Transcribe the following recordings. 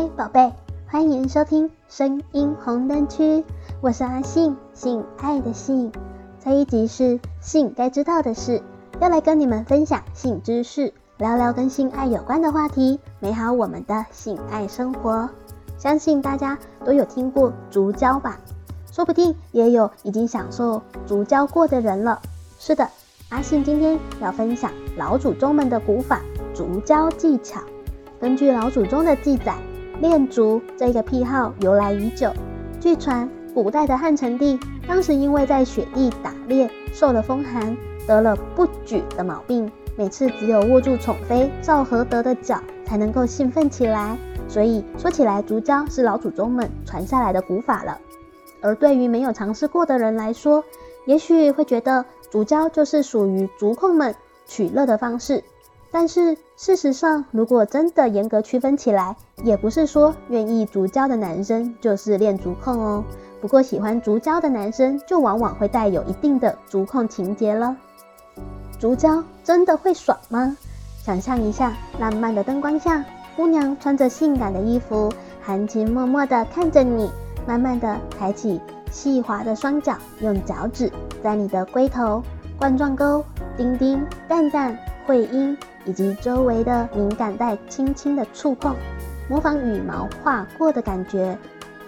嘿寶貝，歡迎收聽《聲音紅燈區》，我是阿性，性愛的性。這一集是性該知道的事，要來跟你們分享性知識，聊聊跟性愛有關的話題，美好我們的性愛生活。相信大家都有聽過足交吧，說不定也有已經享受足交過的人了。是的，阿性今天要分享老祖宗們的古法足交技巧。根據老祖宗的記載，戀足這個癖好由來已久，據傳，古代的漢成帝當時因為在雪地打獵受了風寒，得了不舉的毛病，每次只有握住寵妃趙合德的腳才能夠興奮起來。所以說起來，足交是老祖宗們傳下來的古法了。而對於沒有嘗試過的人來說，也許會覺得足交就是屬於足控們取樂的方式。但是事實上，如果真的嚴格區分起來，也不是說願意足交的男生就是戀足控哦。不過喜歡足交的男生就往往會帶有一定的足控情節了。足交真的會爽嗎？想象一下，浪漫的燈光下，姑娘穿着性感的衣服，含情脈脈地看着你，慢慢地抬起細滑的雙腳，用腳趾在你的龜頭、冠狀溝、丁丁、蛋蛋。會陰以及周圍的敏感帶輕輕的觸碰，模仿羽毛劃過的感覺，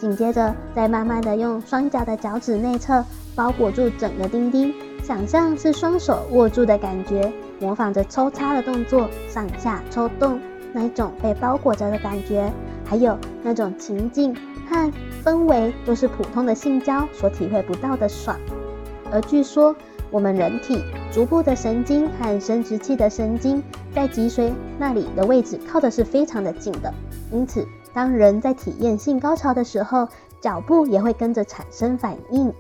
緊接着再慢慢的用雙腳的腳趾內側包裹住整個丁丁，想象是雙手握住的感覺，模仿着抽插的動作，上下抽動，那一種被包裹着的感覺，還有那種情境和氛圍，都是普通的性交所體會不到的爽。而據說。我們人體足部的神經和生殖器的神經在脊髓那裡的位置靠的是非常的近的，因此當人在體驗性高潮的時候，腳部也會跟着產生反應。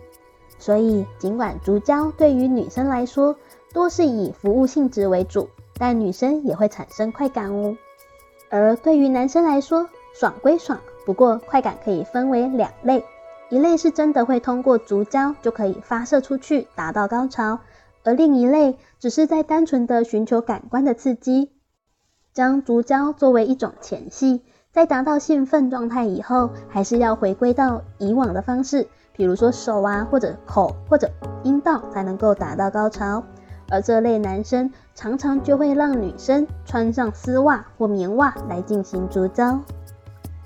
所以儘管足交對於女生來說多是以服務性質為主，但女生也會產生快感哦。而對於男生來說，爽歸爽，不過快感可以分為兩類。一類是真的會通過足交就可以發射出去達到高潮，而另一類只是在單純的尋求感官的刺激，將足交作為一種前戲，在達到興奮狀態以後，還是要回歸到以往的方式，比如說手啊或者口或者陰道才能夠達到高潮。而這類男生常常就會讓女生穿上絲襪或棉襪來進行足交，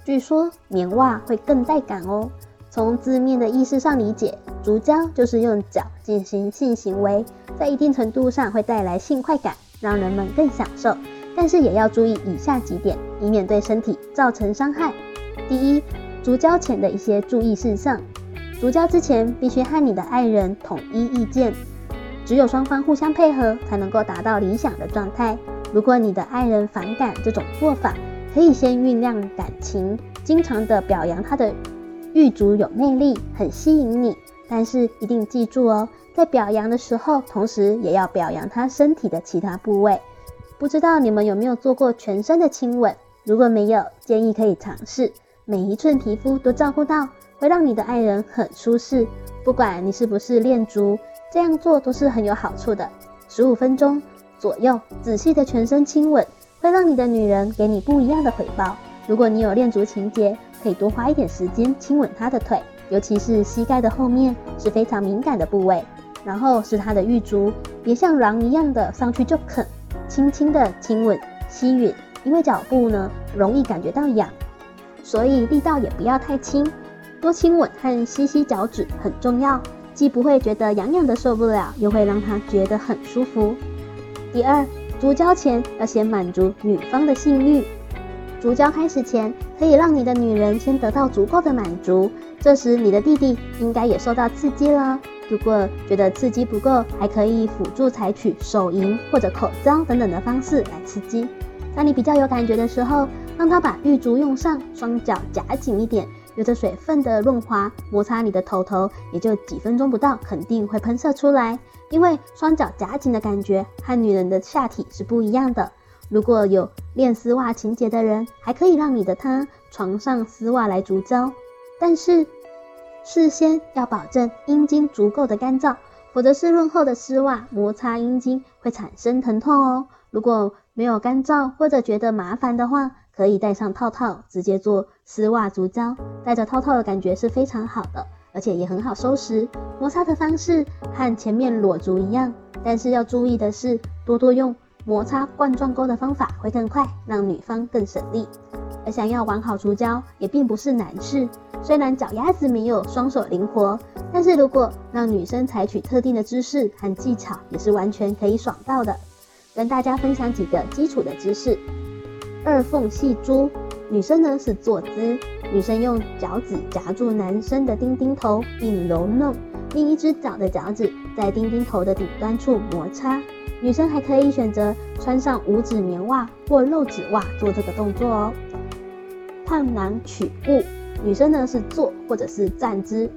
據說棉襪會更帶感哦。從字面的意思上理解，足交就是用腳進行性行為，在一定程度上會帶來性快感，讓人們更享受。但是也要注意以下幾點，以免對身體造成傷害。第一，足交前的一些注意事項。足交之前必須和你的愛人統一意見，只有雙方互相配合，才能夠達到理想的狀態。如果你的愛人反感這種做法，可以先醞釀感情，經常的表揚他的。玉足有魅力，很吸引你，但是一定記住哦，在表揚的時候，同時也要表揚他身體的其他部位。不知道你們有沒有做過全身的親吻？如果沒有，建議可以嘗試，每一寸皮膚都照顧到，會讓你的愛人很舒適。不管你是不是戀足，這樣做都是很有好處的。十五分鐘左右，仔細的全身親吻，會讓你的女人給你不一樣的回報。如果你有戀足情節，可以多花一點時間親吻他的腿，尤其是膝蓋的後面是非常敏感的部位。然後是他的玉足，別像狼一樣的上去就啃，輕輕的親吻吸吮，因為腳部呢容易感覺到癢，所以力道也不要太輕。多親吻和吸吸腳趾很重要，既不會覺得癢癢的受不了，又會讓他覺得很舒服。第二，足交前要先滿足女方的性欲。足交開始前，可以讓你的女人先得到足夠的滿足，這時你的弟弟應該也受到刺激了。如果覺得刺激不夠，還可以輔助採取手淫或者口交等等的方式來刺激。當你比較有感覺的時候，讓他把玉足用上，雙腳夾緊一點，有着水分的潤滑，摩擦你的頭頭，也就幾分鐘不到，肯定會噴射出來。因為雙腳夾緊的感覺和女人的下體是不一樣的。如果有戀絲襪情結的人，還可以讓你的他床上絲襪來足交，但是事先要保證陰莖足夠的乾燥，否則濕潤後的絲襪摩擦陰莖會產生疼痛哦。如果沒有乾燥或者覺得麻煩的話，可以戴上套套直接做絲襪足交，戴着套套的感覺是非常好的，而且也很好收拾。摩擦的方式和前面裸足一樣，但是要注意的是多多用，摩擦冠狀溝的方法會更快，讓女方更省力。而想要玩好足交也並不是難事，雖然腳丫子沒有雙手靈活，但是如果讓女生採取特定的姿勢和技巧，也是完全可以爽到的。跟大家分享幾個基礎的姿勢：二鳳戲珠，女生呢是坐姿，女生用腳趾夾住男生的丁丁頭並揉弄，另一只腳的腳趾在丁丁頭的頂端處摩擦。女生還可以選擇穿上五指棉襪或肉指襪做這個動作哦。探囊取物，女生呢是坐或者是站姿，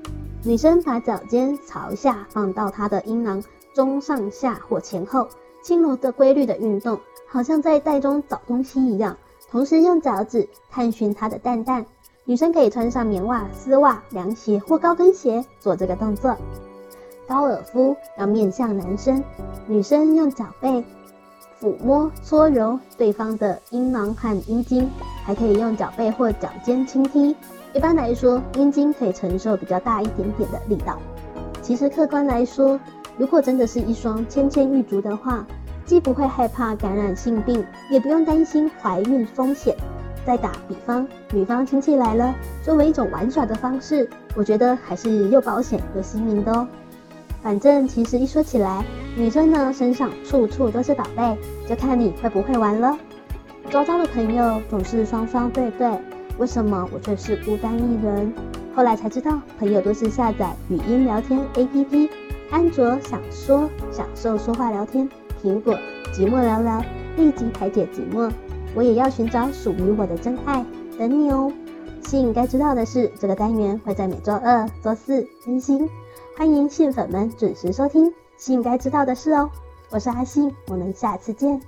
女生把腳尖朝下放到她的陰囊中，上下或前後，輕柔的規律的運動，好像在袋中找東西一樣，同時用腳趾探尋她的蛋蛋。女生可以穿上棉襪、絲襪、涼鞋或高跟鞋做這個動作。高爾夫，要面向男生，女生用腳背撫摸搓揉，對方的陰囊和陰莖，還可以用腳背或腳尖輕踢。一般來說，陰莖可以承受比較大一點點的力道。其實客觀來說，如果真的是一雙纖纖玉足的話，既不會害怕感染性病，也不用擔心懷孕風險。再打比方，女方親戚來了，作為一種玩耍的方式，我覺得還是又保險又新穎的哦。反正其實一說起來，女生呢身上處處都是寶貝，就看你會不會玩了。周遭的朋友總是雙雙對對，為什麼我卻是孤單一人？後來才知道，朋友都是下載語音聊天 APP，安卓想說享受說話聊天，蘋果寂寞聊聊立即排解寂寞。我也要尋找屬於我的真愛，等你哦。性該知道的事，這個單元會在每周二、周四更新。星星歡迎性粉們準時收聽，性該知道的事哦。我是阿性，我們下次見。